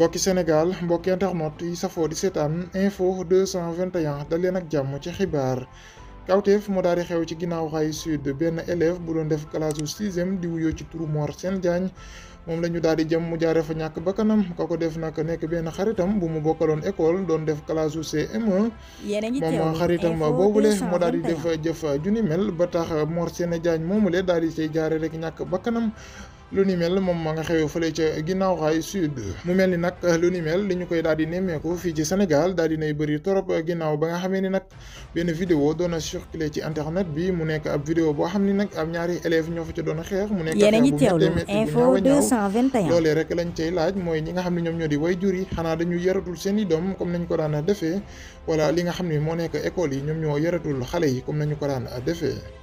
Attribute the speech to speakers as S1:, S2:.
S1: mbokki Sénégal mbokki internet yi safoo di seetaan info 221 dal leen ak jàmm ci xibaar kawteef moo daal di xew ci ginnaaw xay sud benn élève bu doon def classe sixième di wuyoo ci turu Mor seen Diagne moom la ñu daal di jëm mu jaare fa ñàkk ba kanam ka ko def nag nekk benn xaritam bu mu bokkaloon école doon def classe CM1
S2: moom xaritam boobule
S1: moo daal di def jëf ju ni mel ba tax Mor Sène Diagne moomule daal di say jaare rek ñàkk kanam lu ni mel moom ma nga xewee fële ca ginnaaw raay sud mu mel ni nag lu ni mel li ñu koy daal di nemmeeku fii ci Sénégal daal di nay bëri torop ginnaaw ba nga xamee ni nag benn vidéo doon a circulé ci internet bi mu nekk ab vidéo boo xam ni nag ab ñaari élève ñoo fa ca doon xeex mu nekk loole rek lañ cay laaj mooy ñi nga xam ne ñoom ñoo di way jur yi xanaa dañu yaratul seen i doom comme nañu ko daan defee wala li nga xam ne moo nekk école yi ñoom ñoo yaratul xale yi comme nañu ko daan defee